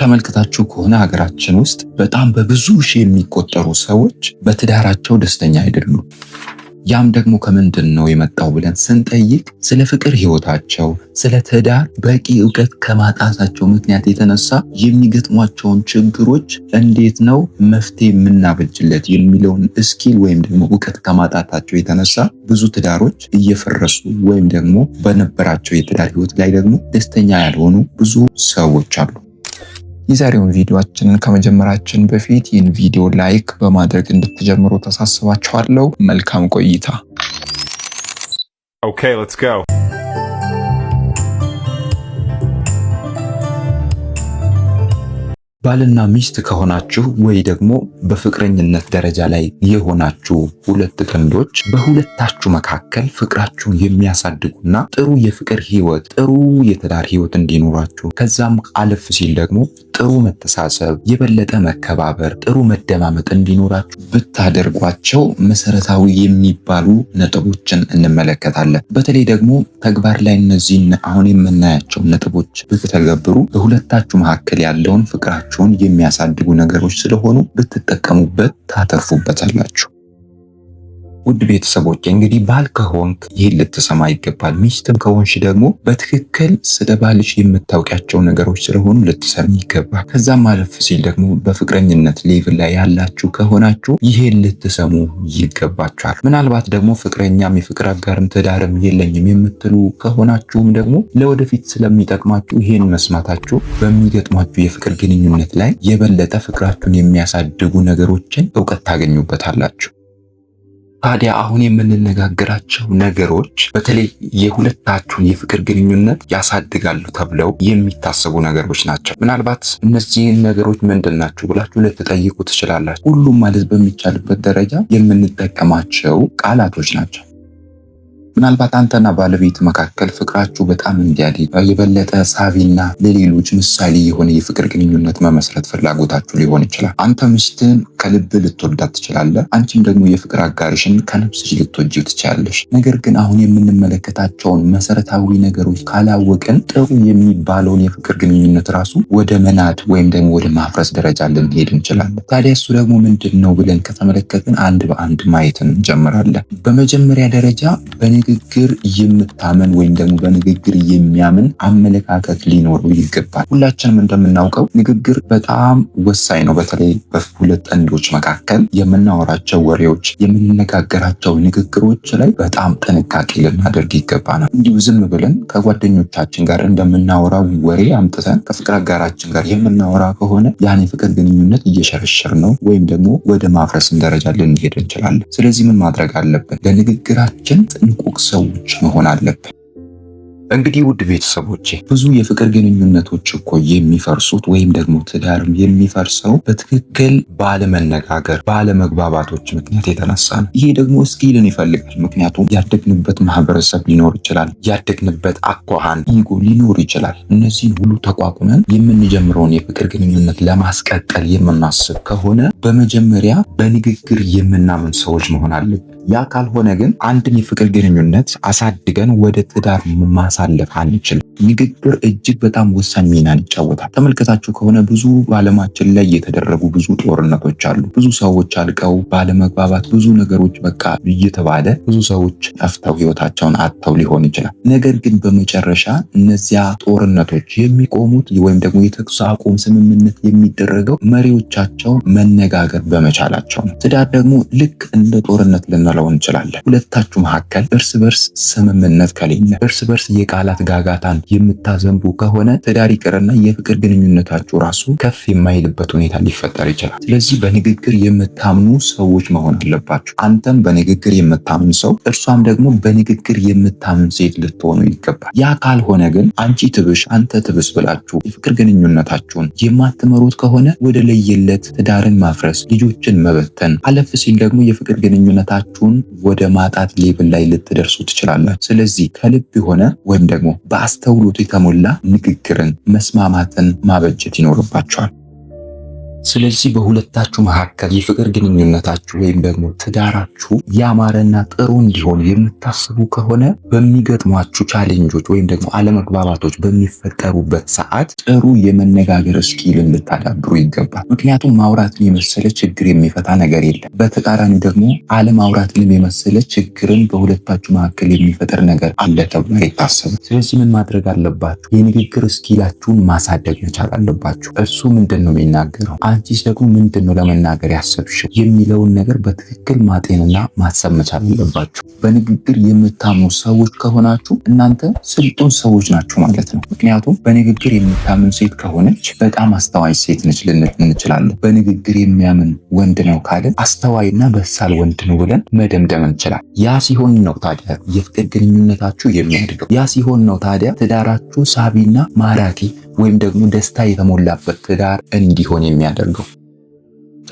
ተመልክታችሁ ከሆነ ሀገራችን ውስጥ በጣም በብዙ ሺህ የሚቆጠሩ ሰዎች በትዳራቸው ደስተኛ አይደሉም። ያም ደግሞ ከምንድን ነው የመጣው ብለን ስንጠይቅ ስለ ፍቅር ህይወታቸው ስለ ትዳር በቂ እውቀት ከማጣታቸው ምክንያት የተነሳ የሚገጥሟቸውን ችግሮች እንዴት ነው መፍትሄ የምናበጅለት የሚለውን እስኪል ወይም ደግሞ እውቀት ከማጣታቸው የተነሳ ብዙ ትዳሮች እየፈረሱ ወይም ደግሞ በነበራቸው የትዳር ህይወት ላይ ደግሞ ደስተኛ ያልሆኑ ብዙ ሰዎች አሉ። የዛሬውን ቪዲዮአችንን ከመጀመራችን በፊት ይህን ቪዲዮ ላይክ በማድረግ እንድትጀምሩ ተሳስባችኋለሁ። መልካም ቆይታ። ኦኬ ሌትስ ጎ። ባልና ሚስት ከሆናችሁ ወይ ደግሞ በፍቅረኝነት ደረጃ ላይ የሆናችሁ ሁለት ጥንዶች በሁለታችሁ መካከል ፍቅራችሁን የሚያሳድጉና ጥሩ የፍቅር ህይወት፣ ጥሩ የትዳር ህይወት እንዲኖራችሁ ከዛም አለፍ ሲል ደግሞ ጥሩ መተሳሰብ፣ የበለጠ መከባበር፣ ጥሩ መደማመጥ እንዲኖራችሁ ብታደርጓቸው መሰረታዊ የሚባሉ ነጥቦችን እንመለከታለን። በተለይ ደግሞ ተግባር ላይ እነዚህን አሁን የምናያቸው ነጥቦች ብትተገብሩ በሁለታችሁ መካከል ያለውን ፍቅራችሁን የሚያሳድጉ ነገሮች ስለሆኑ ብትጠቀሙበት ታተርፉበታላችሁ። ውድ ቤተሰቦች እንግዲህ ባል ከሆንክ ይህን ልትሰማ ይገባል። ሚስትም ከሆንሽ ደግሞ በትክክል ስለ ባልሽ የምታውቂያቸው ነገሮች ስለሆኑ ልትሰሚ ይገባል። ከዛም አለፍ ሲል ደግሞ በፍቅረኝነት ሌቭል ላይ ያላችሁ ከሆናችሁ ይሄን ልትሰሙ ይገባችኋል። ምናልባት ደግሞ ፍቅረኛም የፍቅር አጋርም ትዳርም የለኝም የምትሉ ከሆናችሁም ደግሞ ለወደፊት ስለሚጠቅማችሁ ይህን መስማታችሁ በሚገጥሟችሁ የፍቅር ግንኙነት ላይ የበለጠ ፍቅራችሁን የሚያሳድጉ ነገሮችን እውቀት ታገኙበታላችሁ። ታዲያ አሁን የምንነጋገራቸው ነገሮች በተለይ የሁለታችሁን የፍቅር ግንኙነት ያሳድጋሉ ተብለው የሚታሰቡ ነገሮች ናቸው። ምናልባት እነዚህን ነገሮች ምንድን ናቸው ብላችሁ ልትጠይቁ ትችላላችሁ። ሁሉም ማለት በሚቻልበት ደረጃ የምንጠቀማቸው ቃላቶች ናቸው። ምናልባት አንተና ባለቤት መካከል ፍቅራችሁ በጣም እንዲያድግ የበለጠ ሳቢና ለሌሎች ምሳሌ የሆነ የፍቅር ግንኙነት መመስረት ፍላጎታችሁ ሊሆን ይችላል። አንተ ሚስትህን ከልብ ልትወዳት ትችላለህ። አንቺም ደግሞ የፍቅር አጋርሽን ከነፍስሽ ልትወጂው ትችላለሽ። ነገር ግን አሁን የምንመለከታቸውን መሰረታዊ ነገሮች ካላወቅን ጥሩ የሚባለውን የፍቅር ግንኙነት ራሱ ወደ መናድ ወይም ደግሞ ወደ ማፍረስ ደረጃ ልንሄድ እንችላለን። ታዲያ እሱ ደግሞ ምንድን ነው ብለን ከተመለከትን አንድ በአንድ ማየትን እንጀምራለን። በመጀመሪያ ደረጃ በኔ በንግግር የምታመን ወይም ደግሞ በንግግር የሚያምን አመለካከት ሊኖረው ይገባል። ሁላችንም እንደምናውቀው ንግግር በጣም ወሳኝ ነው። በተለይ በሁለት ጥንዶች መካከል የምናወራቸው ወሬዎች፣ የምንነጋገራቸው ንግግሮች ላይ በጣም ጥንቃቄ ልናደርግ ይገባናል። እንዲሁ ዝም ብለን ከጓደኞቻችን ጋር እንደምናወራው ወሬ አምጥተን ከፍቅር አጋራችን ጋር የምናወራ ከሆነ ያን የፍቅር ግንኙነት እየሸረሸር ነው ወይም ደግሞ ወደ ማፍረስም ደረጃ ልንሄድ እንችላለን። ስለዚህ ምን ማድረግ አለብን? ለንግግራችን ጥንቁ ጥንቁቅ ሰዎች መሆን አለብን። እንግዲህ ውድ ቤተሰቦቼ ብዙ የፍቅር ግንኙነቶች እኮ የሚፈርሱት ወይም ደግሞ ትዳርም የሚፈርሰው በትክክል ባለመነጋገር፣ ባለመግባባቶች ምክንያት የተነሳ ነው። ይሄ ደግሞ ስኪልን ይፈልጋል። ምክንያቱም ያደግንበት ማህበረሰብ ሊኖር ይችላል፣ ያደግንበት አኳኋን ኢጎ ሊኖር ይችላል። እነዚህን ሁሉ ተቋቁመን የምንጀምረውን የፍቅር ግንኙነት ለማስቀጠል የምናስብ ከሆነ በመጀመሪያ በንግግር የምናምን ሰዎች መሆን አለብን። ያ ካልሆነ ግን አንድን የፍቅር ግንኙነት አሳድገን ወደ ትዳር ማሳለፍ አንችልም። ንግግር እጅግ በጣም ወሳኝ ሚናን ይጫወታል። ተመልከታችሁ ከሆነ ብዙ በዓለማችን ላይ የተደረጉ ብዙ ጦርነቶች አሉ። ብዙ ሰዎች አልቀው ባለመግባባት፣ ብዙ ነገሮች በቃ እየተባለ ብዙ ሰዎች ጠፍተው ህይወታቸውን አጥተው ሊሆን ይችላል። ነገር ግን በመጨረሻ እነዚያ ጦርነቶች የሚቆሙት ወይም ደግሞ የተኩስ አቁም ስምምነት የሚደረገው መሪዎቻቸው መነጋገር በመቻላቸው ነው። ትዳር ደግሞ ልክ እንደ ጦርነት ልና ልንለው እንችላለን። ሁለታችሁ መካከል እርስ በርስ ስምምነት ከሌለ፣ እርስ በርስ የቃላት ጋጋታን የምታዘንቡ ከሆነ ትዳር ይቅርና የፍቅር ግንኙነታችሁ ራሱ ከፍ የማይልበት ሁኔታ ሊፈጠር ይችላል። ስለዚህ በንግግር የምታምኑ ሰዎች መሆን አለባችሁ። አንተም በንግግር የምታምን ሰው፣ እርሷም ደግሞ በንግግር የምታምን ሴት ልትሆኑ ይገባል። ያ ካልሆነ ግን አንቺ ትብሽ አንተ ትብስ ብላችሁ የፍቅር ግንኙነታችሁን የማትመሩት ከሆነ ወደ ለየለት ትዳርን ማፍረስ፣ ልጆችን መበተን፣ አለፍ ሲል ደግሞ የፍቅር ግንኙነታችሁ ራሳችሁን ወደ ማጣት ሌብል ላይ ልትደርሱ ትችላላችሁ። ስለዚህ ከልብ የሆነ ወይም ደግሞ በአስተውሎት የተሞላ ንግግርን፣ መስማማትን ማበጀት ይኖርባቸዋል። ስለዚህ በሁለታችሁ መካከል የፍቅር ግንኙነታችሁ ወይም ደግሞ ትዳራችሁ ያማረና ጥሩ እንዲሆን የምታስቡ ከሆነ በሚገጥሟችሁ ቻሌንጆች ወይም ደግሞ አለመግባባቶች በሚፈጠሩበት ሰዓት ጥሩ የመነጋገር እስኪል ልታዳብሩ ይገባል። ምክንያቱም ማውራትን የመሰለ ችግር የሚፈታ ነገር የለም። በተቃራኒ ደግሞ አለማውራትን የመሰለ ችግርን በሁለታችሁ መካከል የሚፈጠር ነገር አለ ተብሎ አይታሰብም። ስለዚህ ምን ማድረግ አለባችሁ? የንግግር እስኪላችሁን ማሳደግ መቻል አለባችሁ። እሱ ምንድን ነው የሚናገረው አንቺስ ደግሞ ምንድን ነው ለመናገር ያሰብሽ የሚለውን ነገር በትክክል ማጤንና ማሰብ መቻል አለባችሁ። በንግግር የምታምኑ ሰዎች ከሆናችሁ እናንተ ስልጡን ሰዎች ናችሁ ማለት ነው። ምክንያቱም በንግግር የምታምን ሴት ከሆነች በጣም አስተዋይ ሴት ነች ልንል እንችላለን። በንግግር የሚያምን ወንድ ነው ካልን አስተዋይና በሳል ወንድ ነው ብለን መደምደም እንችላል። ያ ሲሆን ነው ታዲያ የፍቅር ግንኙነታችሁ የሚያድገው። ያ ሲሆን ነው ታዲያ ትዳራችሁ ሳቢና ማራኪ ወይም ደግሞ ደስታ የተሞላበት ትዳር እንዲሆን የሚያደርገው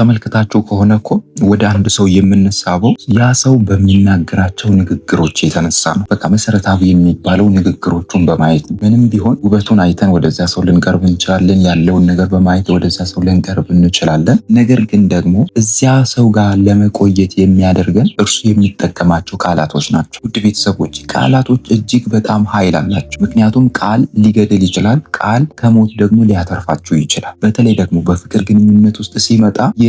ተመልክታችሁ ከሆነ እኮ ወደ አንድ ሰው የምንሳበው ያ ሰው በሚናገራቸው ንግግሮች የተነሳ ነው። በቃ መሰረታዊ የሚባለው ንግግሮቹን በማየት ምንም ቢሆን ውበቱን አይተን ወደዚያ ሰው ልንቀርብ እንችላለን። ያለውን ነገር በማየት ወደዚያ ሰው ልንቀርብ እንችላለን። ነገር ግን ደግሞ እዚያ ሰው ጋር ለመቆየት የሚያደርገን እርሱ የሚጠቀማቸው ቃላቶች ናቸው። ውድ ቤተሰቦች፣ ቃላቶች እጅግ በጣም ኃይል አላቸው። ምክንያቱም ቃል ሊገድል ይችላል። ቃል ከሞት ደግሞ ሊያተርፋችሁ ይችላል። በተለይ ደግሞ በፍቅር ግንኙነት ውስጥ ሲመጣ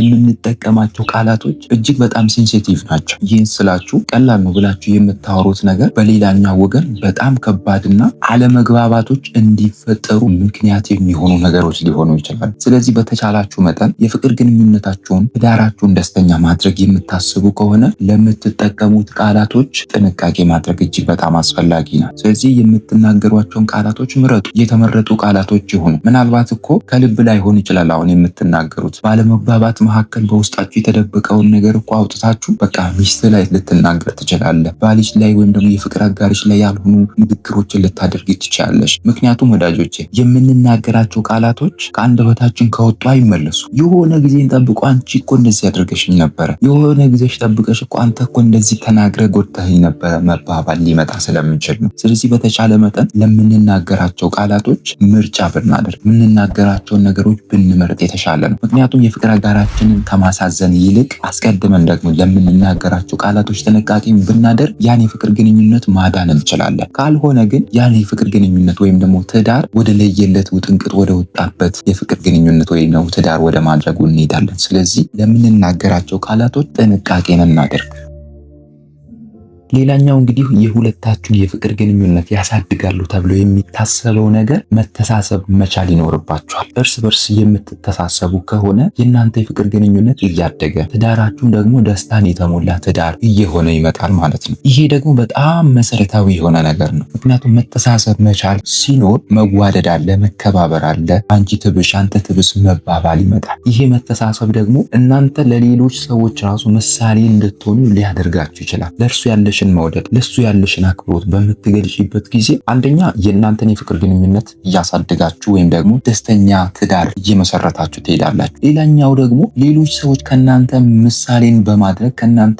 የምንጠቀማቸው ቃላቶች እጅግ በጣም ሴንሲቲቭ ናቸው። ይህን ስላችሁ ቀላል ነው ብላችሁ የምታወሩት ነገር በሌላኛው ወገን በጣም ከባድና አለመግባባቶች እንዲፈጠሩ ምክንያት የሚሆኑ ነገሮች ሊሆኑ ይችላሉ። ስለዚህ በተቻላችሁ መጠን የፍቅር ግንኙነታችሁን፣ ትዳራችሁን ደስተኛ ማድረግ የምታስቡ ከሆነ ለምትጠቀሙት ቃላቶች ጥንቃቄ ማድረግ እጅግ በጣም አስፈላጊ ነው። ስለዚህ የምትናገሯቸውን ቃላቶች ምረጡ። የተመረጡ ቃላቶች ይሁኑ። ምናልባት እኮ ከልብ ላይሆን ይችላል አሁን የምትናገሩት ባለመግባባት መካከል በውስጣችሁ የተደበቀውን ነገር እኮ አውጥታችሁ በቃ ሚስት ላይ ልትናገር ትችላለህ። ባልሽ ላይ ወይም ደግሞ የፍቅር አጋርሽ ላይ ያልሆኑ ንግግሮችን ልታደርግ ትችላለሽ። ምክንያቱም ወዳጆቼ የምንናገራቸው ቃላቶች ከአንደበታችን ከወጡ አይመለሱ። የሆነ ጊዜን ጠብቆ አንቺ እኮ እንደዚህ ያደርገሽኝ ነበረ፣ የሆነ ጊዜሽ ጠብቀሽ እኮ አንተ እኮ እንደዚህ ተናግረ ጎድተኸኝ ነበረ መባባል ሊመጣ ስለምንችል ነው። ስለዚህ በተቻለ መጠን ለምንናገራቸው ቃላቶች ምርጫ ብናደርግ፣ የምንናገራቸውን ነገሮች ብንመርጥ የተሻለ ነው። ምክንያቱም የፍቅር አጋራ ሰዎችንን ከማሳዘን ይልቅ አስቀድመን ደግሞ ለምንናገራቸው ቃላቶች ጥንቃቄ ብናደርግ ያን የፍቅር ግንኙነት ማዳን እንችላለን። ካልሆነ ግን ያን የፍቅር ግንኙነት ወይም ደግሞ ትዳር ወደ ለየለት ውጥንቅጥ ወደ ወጣበት የፍቅር ግንኙነት ወይም ደግሞ ትዳር ወደ ማድረጉ እንሄዳለን። ስለዚህ ለምንናገራቸው ቃላቶች ጥንቃቄን እናደርግ። ሌላኛው እንግዲህ የሁለታችሁን የፍቅር ግንኙነት ያሳድጋሉ ተብሎ የሚታሰበው ነገር መተሳሰብ መቻል ይኖርባችኋል። እርስ በርስ የምትተሳሰቡ ከሆነ የእናንተ የፍቅር ግንኙነት እያደገ ትዳራችሁም ደግሞ ደስታን የተሞላ ትዳር እየሆነ ይመጣል ማለት ነው። ይሄ ደግሞ በጣም መሰረታዊ የሆነ ነገር ነው። ምክንያቱም መተሳሰብ መቻል ሲኖር መዋደድ አለ፣ መከባበር አለ። አንቺ ትብሽ፣ አንተ ትብስ መባባል ይመጣል። ይሄ መተሳሰብ ደግሞ እናንተ ለሌሎች ሰዎች ራሱ ምሳሌ እንድትሆኑ ሊያደርጋችሁ ይችላል። ለእርሱ ያለሽ ራስሽን መውደድ፣ ለሱ ያለሽን አክብሮት በምትገልጪበት ጊዜ አንደኛ የእናንተን የፍቅር ግንኙነት እያሳደጋችሁ ወይም ደግሞ ደስተኛ ትዳር እየመሰረታችሁ ትሄዳላችሁ። ሌላኛው ደግሞ ሌሎች ሰዎች ከእናንተ ምሳሌን በማድረግ ከእናንተ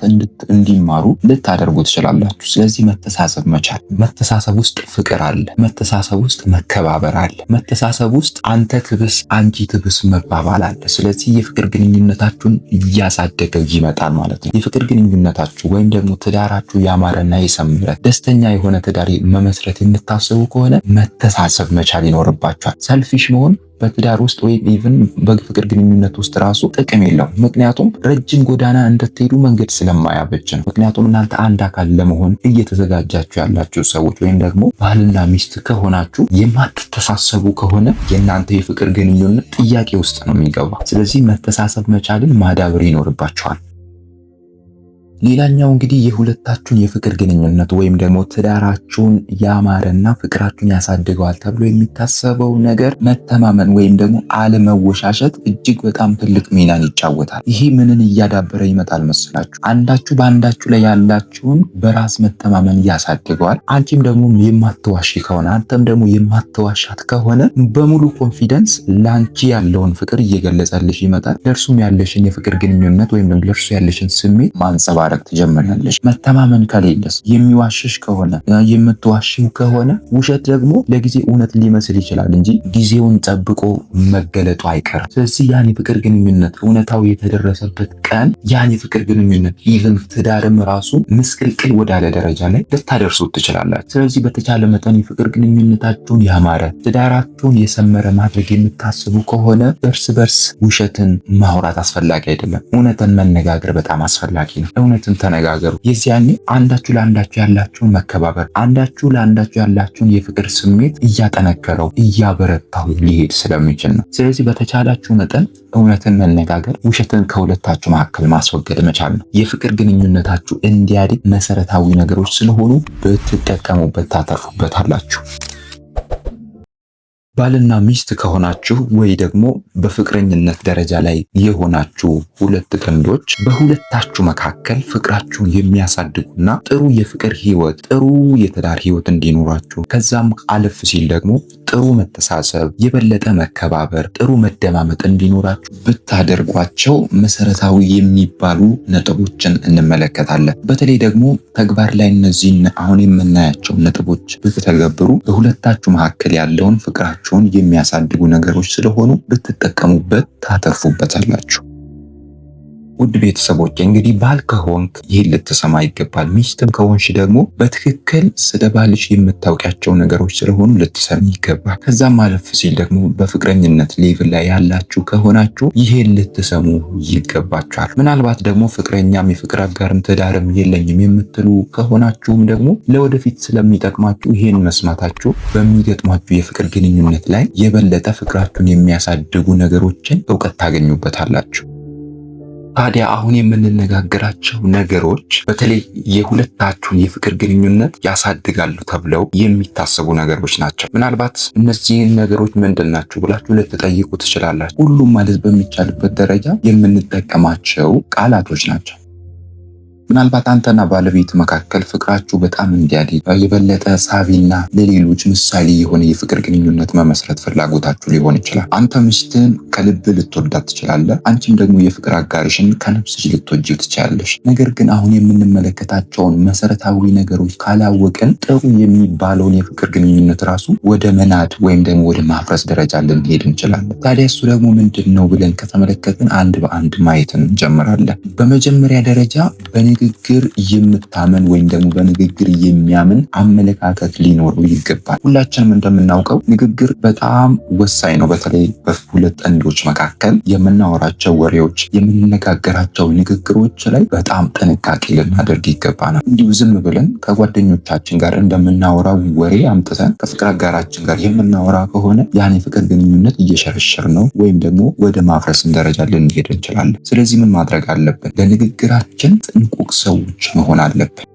እንዲማሩ ልታደርጉ ትችላላችሁ። ስለዚህ መተሳሰብ መቻል፣ መተሳሰብ ውስጥ ፍቅር አለ፣ መተሳሰብ ውስጥ መከባበር አለ፣ መተሳሰብ ውስጥ አንተ ትብስ አንቺ ትብስ መባባል አለ። ስለዚህ የፍቅር ግንኙነታችሁን እያሳደገ ይመጣል ማለት ነው። የፍቅር ግንኙነታችሁ ወይም ደግሞ ትዳራችሁ ያማረና የሰመረ ደስተኛ የሆነ ትዳር መመስረት የምታስቡ ከሆነ መተሳሰብ መቻል ይኖርባቸዋል። ሰልፊሽ መሆን በትዳር ውስጥ ወይም ኢቭን በፍቅር ግንኙነት ውስጥ ራሱ ጥቅም የለውም። ምክንያቱም ረጅም ጎዳና እንድትሄዱ መንገድ ስለማያበጅ ነው። ምክንያቱም እናንተ አንድ አካል ለመሆን እየተዘጋጃችሁ ያላችሁ ሰዎች ወይም ደግሞ ባልና ሚስት ከሆናችሁ የማትተሳሰቡ ከሆነ የእናንተ የፍቅር ግንኙነት ጥያቄ ውስጥ ነው የሚገባ። ስለዚህ መተሳሰብ መቻልን ማዳበር ይኖርባቸዋል። ሌላኛው እንግዲህ የሁለታችሁን የፍቅር ግንኙነት ወይም ደግሞ ትዳራችሁን ያማረና ፍቅራችሁን ያሳድገዋል ተብሎ የሚታሰበው ነገር መተማመን ወይም ደግሞ አለመወሻሸት እጅግ በጣም ትልቅ ሚናን ይጫወታል። ይሄ ምንን እያዳበረ ይመጣል መስላችሁ? አንዳችሁ በአንዳችሁ ላይ ያላችሁን በራስ መተማመን ያሳድገዋል። አንቺም ደግሞ የማትዋሽ ከሆነ አንተም ደግሞ የማትዋሻት ከሆነ በሙሉ ኮንፊደንስ ለአንቺ ያለውን ፍቅር እየገለጸልሽ ይመጣል። ለእርሱም ያለሽን የፍቅር ግንኙነት ወይም ለእርሱ ያለሽን ስሜት ማንጸባ ማድረግ ትጀምሪያለሽ። መተማመን ከሌለስ የሚዋሽሽ ከሆነ የምትዋሽው ከሆነ ውሸት ደግሞ ለጊዜ እውነት ሊመስል ይችላል እንጂ ጊዜውን ጠብቆ መገለጡ አይቀርም። ስለዚህ ያን የፍቅር ግንኙነት እውነታው የተደረሰበት ቀን ያን የፍቅር ግንኙነት ኢቨን ትዳርም ራሱ ምስቅልቅል ወዳለ ደረጃ ላይ ልታደርሱ ትችላላችሁ። ስለዚህ በተቻለ መጠን የፍቅር ግንኙነታችሁን ያማረ ትዳራችሁን የሰመረ ማድረግ የምታስቡ ከሆነ እርስ በርስ ውሸትን ማውራት አስፈላጊ አይደለም። እውነትን መነጋገር በጣም አስፈላጊ ነው። እውነትን ተነጋገሩ። የዚያኔ አንዳችሁ ለአንዳችሁ ያላችሁን መከባበር፣ አንዳችሁ ለአንዳችሁ ያላችሁን የፍቅር ስሜት እያጠነከረው እያበረታው ሊሄድ ስለሚችል ነው። ስለዚህ በተቻላችሁ መጠን እውነትን መነጋገር፣ ውሸትን ከሁለታችሁ መካከል ማስወገድ መቻል ነው። የፍቅር ግንኙነታችሁ እንዲያድግ መሰረታዊ ነገሮች ስለሆኑ ብትጠቀሙበት ታተርፉበታላችሁ። ባልና ሚስት ከሆናችሁ ወይ ደግሞ በፍቅረኝነት ደረጃ ላይ የሆናችሁ ሁለት ጥንዶች በሁለታችሁ መካከል ፍቅራችሁን የሚያሳድጉና ጥሩ የፍቅር ህይወት፣ ጥሩ የትዳር ህይወት እንዲኖራችሁ ከዛም አለፍ ሲል ደግሞ ጥሩ መተሳሰብ፣ የበለጠ መከባበር፣ ጥሩ መደማመጥ እንዲኖራችሁ ብታደርጓቸው መሰረታዊ የሚባሉ ነጥቦችን እንመለከታለን። በተለይ ደግሞ ተግባር ላይ እነዚህን አሁን የምናያቸው ነጥቦች ብትተገብሩ በሁለታችሁ መካከል ያለውን ፍቅራ አእምሯችሁን የሚያሳድጉ ነገሮች ስለሆኑ ልትጠቀሙበት ታተርፉበታላችሁ። ውድ ቤተሰቦች እንግዲህ ባል ከሆንክ ይህን ልትሰማ ይገባል። ሚስትም ከሆንሽ ደግሞ በትክክል ስለ ባልሽ የምታውቂያቸው ነገሮች ስለሆኑ ልትሰሚ ይገባል። ከዛም አለፍ ሲል ደግሞ በፍቅረኝነት ሌቭል ላይ ያላችሁ ከሆናችሁ ይሄን ልትሰሙ ይገባችኋል። ምናልባት ደግሞ ፍቅረኛም የፍቅር አጋርም ትዳርም የለኝም የምትሉ ከሆናችሁም ደግሞ ለወደፊት ስለሚጠቅማችሁ ይሄን መስማታችሁ በሚገጥሟችሁ የፍቅር ግንኙነት ላይ የበለጠ ፍቅራችሁን የሚያሳድጉ ነገሮችን እውቀት ታገኙበታላችሁ። ታዲያ አሁን የምንነጋገራቸው ነገሮች በተለይ የሁለታችሁን የፍቅር ግንኙነት ያሳድጋሉ ተብለው የሚታሰቡ ነገሮች ናቸው። ምናልባት እነዚህን ነገሮች ምንድን ናቸው ብላችሁ ልትጠይቁ ትችላላችሁ። ሁሉም ማለት በሚቻልበት ደረጃ የምንጠቀማቸው ቃላቶች ናቸው። ምናልባት አንተና ባለቤት መካከል ፍቅራችሁ በጣም እንዲያድግ የበለጠ ሳቢና ለሌሎች ምሳሌ የሆነ የፍቅር ግንኙነት መመስረት ፍላጎታችሁ ሊሆን ይችላል። አንተ ሚስትህን ከልብ ልትወዳት ትችላለህ። አንቺም ደግሞ የፍቅር አጋርሽን ከነፍስሽ ልትወጅ ትችላለሽ። ነገር ግን አሁን የምንመለከታቸውን መሰረታዊ ነገሮች ካላወቅን ጥሩ የሚባለውን የፍቅር ግንኙነት ራሱ ወደ መናድ ወይም ደግሞ ወደ ማፍረስ ደረጃ ልንሄድ እንችላለን። ታዲያ እሱ ደግሞ ምንድን ነው ብለን ከተመለከትን አንድ በአንድ ማየትን እንጀምራለን። በመጀመሪያ ደረጃ በነ በንግግር የምታመን ወይም ደግሞ በንግግር የሚያምን አመለካከት ሊኖረው ይገባል። ሁላችንም እንደምናውቀው ንግግር በጣም ወሳኝ ነው። በተለይ በሁለት ጥንዶች መካከል የምናወራቸው ወሬዎች፣ የምንነጋገራቸው ንግግሮች ላይ በጣም ጥንቃቄ ልናደርግ ይገባናል። እንዲሁ ዝም ብለን ከጓደኞቻችን ጋር እንደምናወራው ወሬ አምጥተን ከፍቅር አጋራችን ጋር የምናወራ ከሆነ ያን የፍቅር ግንኙነት እየሸረሸር ነው ወይም ደግሞ ወደ ማፍረስን ደረጃ ልንሄድ እንችላለን። ስለዚህ ምን ማድረግ አለብን? ለንግግራችን ጥንቁ ጥንቁቅ ሰዎች መሆን አለብን።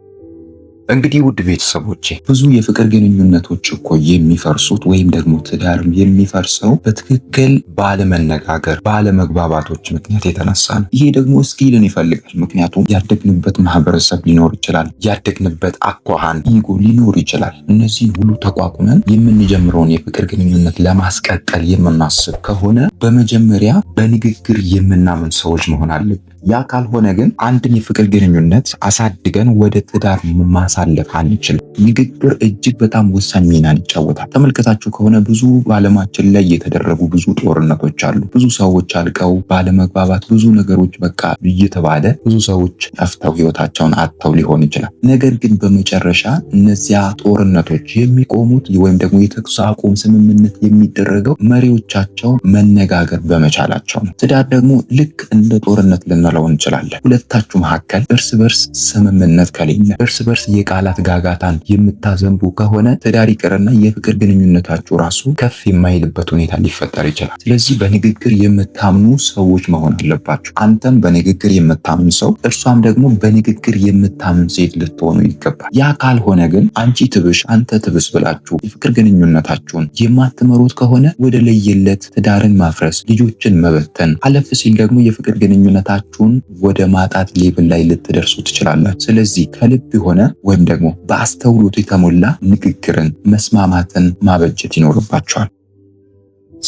እንግዲህ ውድ ቤተሰቦቼ ብዙ የፍቅር ግንኙነቶች እኮ የሚፈርሱት ወይም ደግሞ ትዳርም የሚፈርሰው በትክክል ባለመነጋገር፣ ባለመግባባቶች ምክንያት የተነሳ ነው። ይሄ ደግሞ ስኪልን ይፈልጋል። ምክንያቱም ያደግንበት ማህበረሰብ ሊኖር ይችላል፣ ያደግንበት አኳኋን ኢጎ ሊኖር ይችላል። እነዚህን ሁሉ ተቋቁመን የምንጀምረውን የፍቅር ግንኙነት ለማስቀጠል የምናስብ ከሆነ በመጀመሪያ በንግግር የምናምን ሰዎች መሆን አለብን። ያ ካልሆነ ግን አንድን የፍቅር ግንኙነት አሳድገን ወደ ትዳር ማሳለፍ አንችልም። ንግግር እጅግ በጣም ወሳኝ ሚናን ይጫወታል። ተመልከታችሁ ከሆነ ብዙ በዓለማችን ላይ የተደረጉ ብዙ ጦርነቶች አሉ። ብዙ ሰዎች አልቀው ባለመግባባት፣ ብዙ ነገሮች በቃ እየተባለ ብዙ ሰዎች ጠፍተው ህይወታቸውን አጥተው ሊሆን ይችላል። ነገር ግን በመጨረሻ እነዚያ ጦርነቶች የሚቆሙት ወይም ደግሞ የተኩስ አቁም ስምምነት የሚደረገው መሪዎቻቸው መነጋገር በመቻላቸው ነው። ትዳር ደግሞ ልክ እንደ ጦርነት ልና ልንለው እንችላለን። ሁለታችሁ መካከል እርስ በርስ ስምምነት ከሌለ፣ እርስ በርስ የቃላት ጋጋታን የምታዘንቡ ከሆነ ትዳር ይቅርና የፍቅር ግንኙነታችሁ ራሱ ከፍ የማይልበት ሁኔታ ሊፈጠር ይችላል። ስለዚህ በንግግር የምታምኑ ሰዎች መሆን አለባችሁ። አንተም በንግግር የምታምን ሰው፣ እርሷም ደግሞ በንግግር የምታምን ሴት ልትሆኑ ይገባል። ያ ካልሆነ ግን አንቺ ትብሽ አንተ ትብስ ብላችሁ የፍቅር ግንኙነታችሁን የማትመሩት ከሆነ ወደ ለየለት ትዳርን ማፍረስ፣ ልጆችን መበተን አለፍ ሲል ደግሞ የፍቅር ግንኙነታችሁ ራሳችሁን ወደ ማጣት ሌብል ላይ ልትደርሱ ትችላላችሁ። ስለዚህ ከልብ የሆነ ወይም ደግሞ በአስተውሎት የተሞላ ንግግርን፣ መስማማትን ማበጀት ይኖርባቸዋል።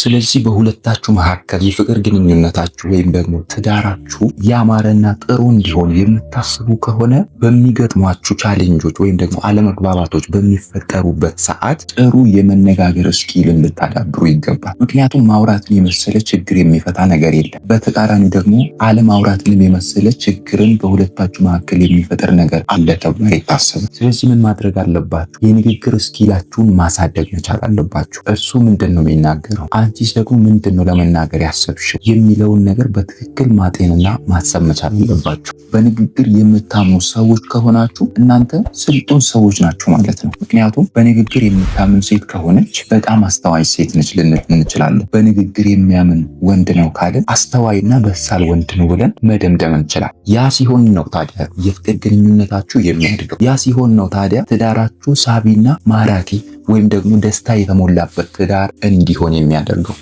ስለዚህ በሁለታችሁ መካከል የፍቅር ግንኙነታችሁ ወይም ደግሞ ትዳራችሁ ያማረና ጥሩ እንዲሆን የምታስቡ ከሆነ በሚገጥሟችሁ ቻሌንጆች ወይም ደግሞ አለመግባባቶች በሚፈጠሩበት ሰዓት ጥሩ የመነጋገር እስኪልን ልታዳብሩ ይገባል። ምክንያቱም ማውራትን የመሰለ ችግር የሚፈታ ነገር የለም። በተቃራኒ ደግሞ አለማውራትንም የመሰለ ችግርን በሁለታችሁ መካከል የሚፈጠር ነገር አለ ተብሎ አይታሰብም። ስለዚህ ምን ማድረግ አለባችሁ? የንግግር እስኪላችሁን ማሳደግ መቻል አለባችሁ። እሱ ምንድን ነው የሚናገረው አንቺስ ደግሞ ምንድን ነው ለመናገር ያሰብሽው የሚለውን ነገር በትክክል ማጤንና ማሰብ መቻል አለባችሁ። በንግግር የምታምኑ ሰዎች ከሆናችሁ እናንተ ስልጡን ሰዎች ናችሁ ማለት ነው። ምክንያቱም በንግግር የምታምን ሴት ከሆነች በጣም አስተዋይ ሴት ነች ልንል እንችላለን። በንግግር የሚያምን ወንድ ነው ካልን አስተዋይና በሳል ወንድ ነው ብለን መደምደም እንችላል። ያ ሲሆን ነው ታዲያ የፍቅር ግንኙነታችሁ የሚያድገው። ያ ሲሆን ነው ታዲያ ትዳራችሁ ሳቢና ማራኪ ወይም ደግሞ ደስታ የተሞላበት ትዳር እንዲሆን የሚያደርገው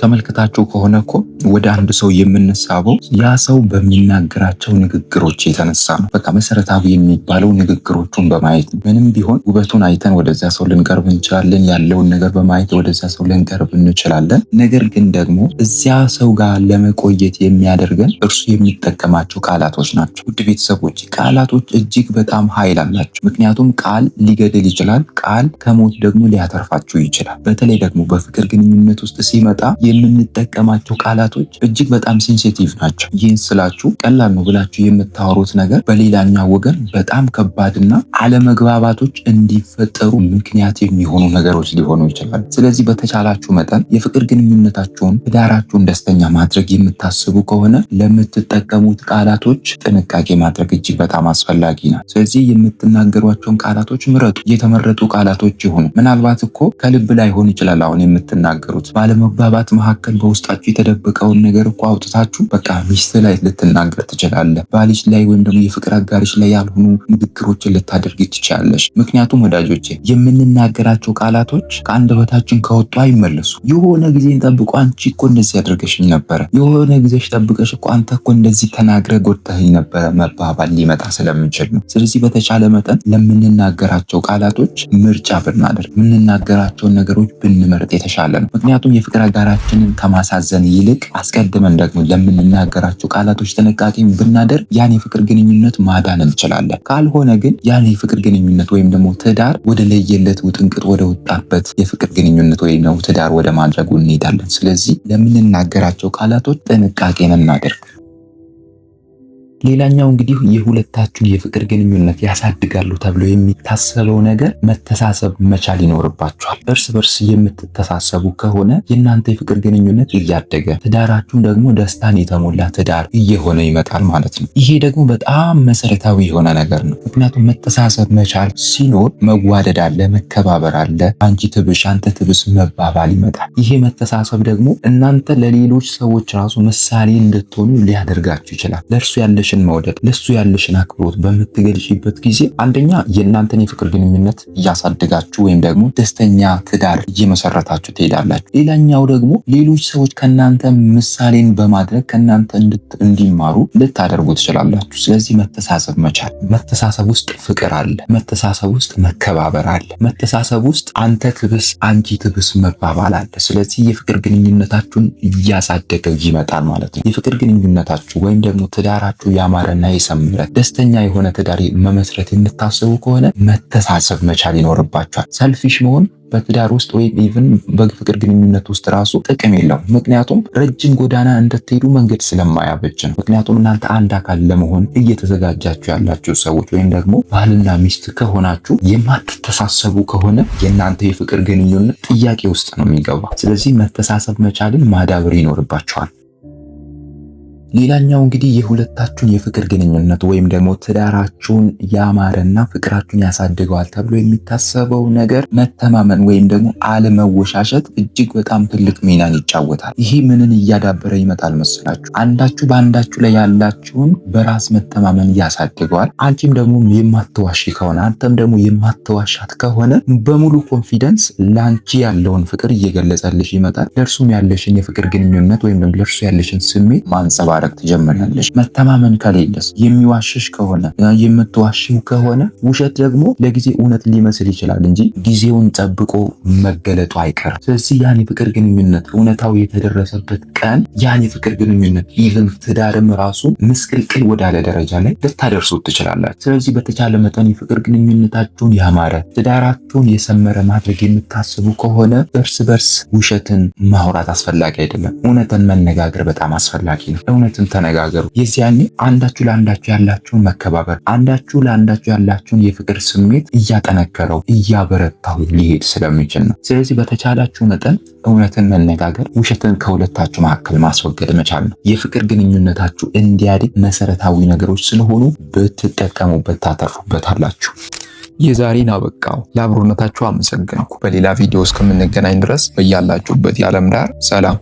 ተመልክታችሁ ከሆነ እኮ ወደ አንድ ሰው የምንሳበው ያ ሰው በሚናገራቸው ንግግሮች የተነሳ ነው። በቃ መሰረታዊ የሚባለው ንግግሮቹን በማየት ነው። ምንም ቢሆን ውበቱን አይተን ወደዚያ ሰው ልንቀርብ እንችላለን። ያለውን ነገር በማየት ወደዚያ ሰው ልንቀርብ እንችላለን። ነገር ግን ደግሞ እዚያ ሰው ጋር ለመቆየት የሚያደርገን እርሱ የሚጠቀማቸው ቃላቶች ናቸው። ውድ ቤተሰቦች፣ ቃላቶች እጅግ በጣም ኃይል አላቸው። ምክንያቱም ቃል ሊገድል ይችላል። ቃል ከሞት ደግሞ ሊያተርፋችሁ ይችላል። በተለይ ደግሞ በፍቅር ግንኙነት ውስጥ ሲመጣ የምንጠቀማቸው ቃላቶች እጅግ በጣም ሴንሲቲቭ ናቸው። ይህን ስላችሁ ቀላል ነው ብላችሁ የምታወሩት ነገር በሌላኛው ወገን በጣም ከባድና አለመግባባቶች እንዲፈጠሩ ምክንያት የሚሆኑ ነገሮች ሊሆኑ ይችላሉ። ስለዚህ በተቻላችሁ መጠን የፍቅር ግንኙነታችሁን፣ ትዳራችሁን ደስተኛ ማድረግ የምታስቡ ከሆነ ለምትጠቀሙት ቃላቶች ጥንቃቄ ማድረግ እጅግ በጣም አስፈላጊ ነው። ስለዚህ የምትናገሯቸውን ቃላቶች ምረጡ። የተመረጡ ቃላቶች ይሆኑ። ምናልባት እኮ ከልብ ላይሆን ይችላል አሁን የምትናገሩት ባለመግባባት በመግባት መካከል በውስጣችሁ የተደበቀውን ነገር እኮ አውጥታችሁ በቃ ሚስት ላይ ልትናገር ትችላለ። ባልሽ ላይ ወይም ደግሞ የፍቅር አጋርሽ ላይ ያልሆኑ ንግግሮችን ልታደርግ ትችላለሽ። ምክንያቱም ወዳጆቼ የምንናገራቸው ቃላቶች ከአንደበታችን ከወጡ አይመለሱ። የሆነ ጊዜን ጠብቆ አንቺ እኮ እንደዚህ ያደርገሽኝ ነበረ፣ የሆነ ጊዜሽ ጠብቀሽ እኮ አንተ እኮ እንደዚህ ተናግረ ጎድተኸኝ ነበረ መባባል ሊመጣ ስለምንችል ነው። ስለዚህ በተቻለ መጠን ለምንናገራቸው ቃላቶች ምርጫ ብናደርግ የምንናገራቸውን ነገሮች ብንመርጥ የተሻለ ነው። ምክንያቱም የፍቅር አጋራ ሀገራችንን ከማሳዘን ይልቅ አስቀድመን ደግሞ ለምንናገራቸው ቃላቶች ጥንቃቄ ብናደርግ ያን የፍቅር ግንኙነት ማዳን እንችላለን። ካልሆነ ግን ያን የፍቅር ግንኙነት ወይም ደግሞ ትዳር ወደ ለየለት ውጥንቅጥ ወደ ወጣበት የፍቅር ግንኙነት ወይም ደግሞ ትዳር ወደ ማድረጉ እንሄዳለን። ስለዚህ ለምንናገራቸው ቃላቶች ጥንቃቄ እናደርግ። ሌላኛው እንግዲህ የሁለታችሁን የፍቅር ግንኙነት ያሳድጋሉ ተብሎ የሚታሰበው ነገር መተሳሰብ መቻል ይኖርባችኋል። እርስ በርስ የምትተሳሰቡ ከሆነ የእናንተ የፍቅር ግንኙነት እያደገ ትዳራችሁን ደግሞ ደስታን የተሞላ ትዳር እየሆነ ይመጣል ማለት ነው። ይሄ ደግሞ በጣም መሰረታዊ የሆነ ነገር ነው። ምክንያቱም መተሳሰብ መቻል ሲኖር መዋደድ አለ፣ መከባበር አለ። አንቺ ትብሽ፣ አንተ ትብስ መባባል ይመጣል። ይሄ መተሳሰብ ደግሞ እናንተ ለሌሎች ሰዎች ራሱ ምሳሌ እንድትሆኑ ሊያደርጋችሁ ይችላል። ለእርሱ ያለ ራስሽን መውደድ፣ ለሱ ያለሽን አክብሮት በምትገልጪበት ጊዜ አንደኛ የእናንተን የፍቅር ግንኙነት እያሳደጋችሁ ወይም ደግሞ ደስተኛ ትዳር እየመሰረታችሁ ትሄዳላችሁ። ሌላኛው ደግሞ ሌሎች ሰዎች ከእናንተ ምሳሌን በማድረግ ከእናንተ እንዲማሩ ልታደርጉ ትችላላችሁ። ስለዚህ መተሳሰብ መቻል፣ መተሳሰብ ውስጥ ፍቅር አለ፣ መተሳሰብ ውስጥ መከባበር አለ፣ መተሳሰብ ውስጥ አንተ ትብስ አንቺ ትብስ መባባል አለ። ስለዚህ የፍቅር ግንኙነታችሁን እያሳደገው ይመጣል ማለት ነው። የፍቅር ግንኙነታችሁ ወይም ደግሞ ትዳራችሁ ያማረና የሰመረ ደስተኛ የሆነ ትዳር መመስረት የምታስቡ ከሆነ መተሳሰብ መቻል ይኖርባቸዋል። ሰልፊሽ መሆን በትዳር ውስጥ ወይም ኢቭን በፍቅር ግንኙነት ውስጥ ራሱ ጥቅም የለው። ምክንያቱም ረጅም ጎዳና እንድትሄዱ መንገድ ስለማያበጅ ነው። ምክንያቱም እናንተ አንድ አካል ለመሆን እየተዘጋጃችሁ ያላችሁ ሰዎች ወይም ደግሞ ባልና ሚስት ከሆናችሁ የማትተሳሰቡ ከሆነ የእናንተ የፍቅር ግንኙነት ጥያቄ ውስጥ ነው የሚገባ። ስለዚህ መተሳሰብ መቻልን ማዳበር ይኖርባቸዋል። ሌላኛው እንግዲህ የሁለታችሁን የፍቅር ግንኙነት ወይም ደግሞ ትዳራችሁን ያማረና ፍቅራችሁን ያሳድገዋል ተብሎ የሚታሰበው ነገር መተማመን ወይም ደግሞ አለመወሻሸት እጅግ በጣም ትልቅ ሚናን ይጫወታል። ይሄ ምንን እያዳበረ ይመጣል መስላችሁ? አንዳችሁ በአንዳችሁ ላይ ያላችሁን በራስ መተማመን ያሳድገዋል። አንቺም ደግሞ የማትዋሽ ከሆነ አንተም ደግሞ የማትዋሻት ከሆነ በሙሉ ኮንፊደንስ ለአንቺ ያለውን ፍቅር እየገለጸልሽ ይመጣል። ለእርሱም ያለሽን የፍቅር ግንኙነት ወይም ለእርሱ ያለሽን ስሜት ማንጸባ ማድረግ ትጀምሪያለሽ። መተማመን ከሌለስ የሚዋሽሽ ከሆነ የምትዋሽው ከሆነ ውሸት ደግሞ ለጊዜ እውነት ሊመስል ይችላል እንጂ ጊዜውን ጠብቆ መገለጡ አይቀርም። ስለዚህ ያን የፍቅር ግንኙነት እውነታው የተደረሰበት ቀን ያን የፍቅር ግንኙነት ኢቨን ትዳርም ራሱ ምስቅልቅል ወዳለ ደረጃ ላይ ልታደርሱ ትችላላችሁ። ስለዚህ በተቻለ መጠን የፍቅር ግንኙነታችሁን ያማረ ትዳራችሁን የሰመረ ማድረግ የምታስቡ ከሆነ እርስ በርስ ውሸትን ማውራት አስፈላጊ አይደለም። እውነትን መነጋገር በጣም አስፈላጊ ነው። እውነትን ተነጋገሩ። የዚያኔ አንዳችሁ ለአንዳችሁ ያላችሁን መከባበር፣ አንዳችሁ ለአንዳችሁ ያላችሁን የፍቅር ስሜት እያጠነከረው እያበረታው ሊሄድ ስለሚችል ነው። ስለዚህ በተቻላችሁ መጠን እውነትን መነጋገር፣ ውሸትን ከሁለታችሁ መካከል ማስወገድ መቻል ነው። የፍቅር ግንኙነታችሁ እንዲያድግ መሰረታዊ ነገሮች ስለሆኑ ብትጠቀሙበት ታተርፉበታላችሁ። የዛሬን አበቃው። ለአብሮነታችሁ አመሰግንኩ። በሌላ ቪዲዮ እስከምንገናኝ ድረስ በያላችሁበት የዓለም ዳር ሰላም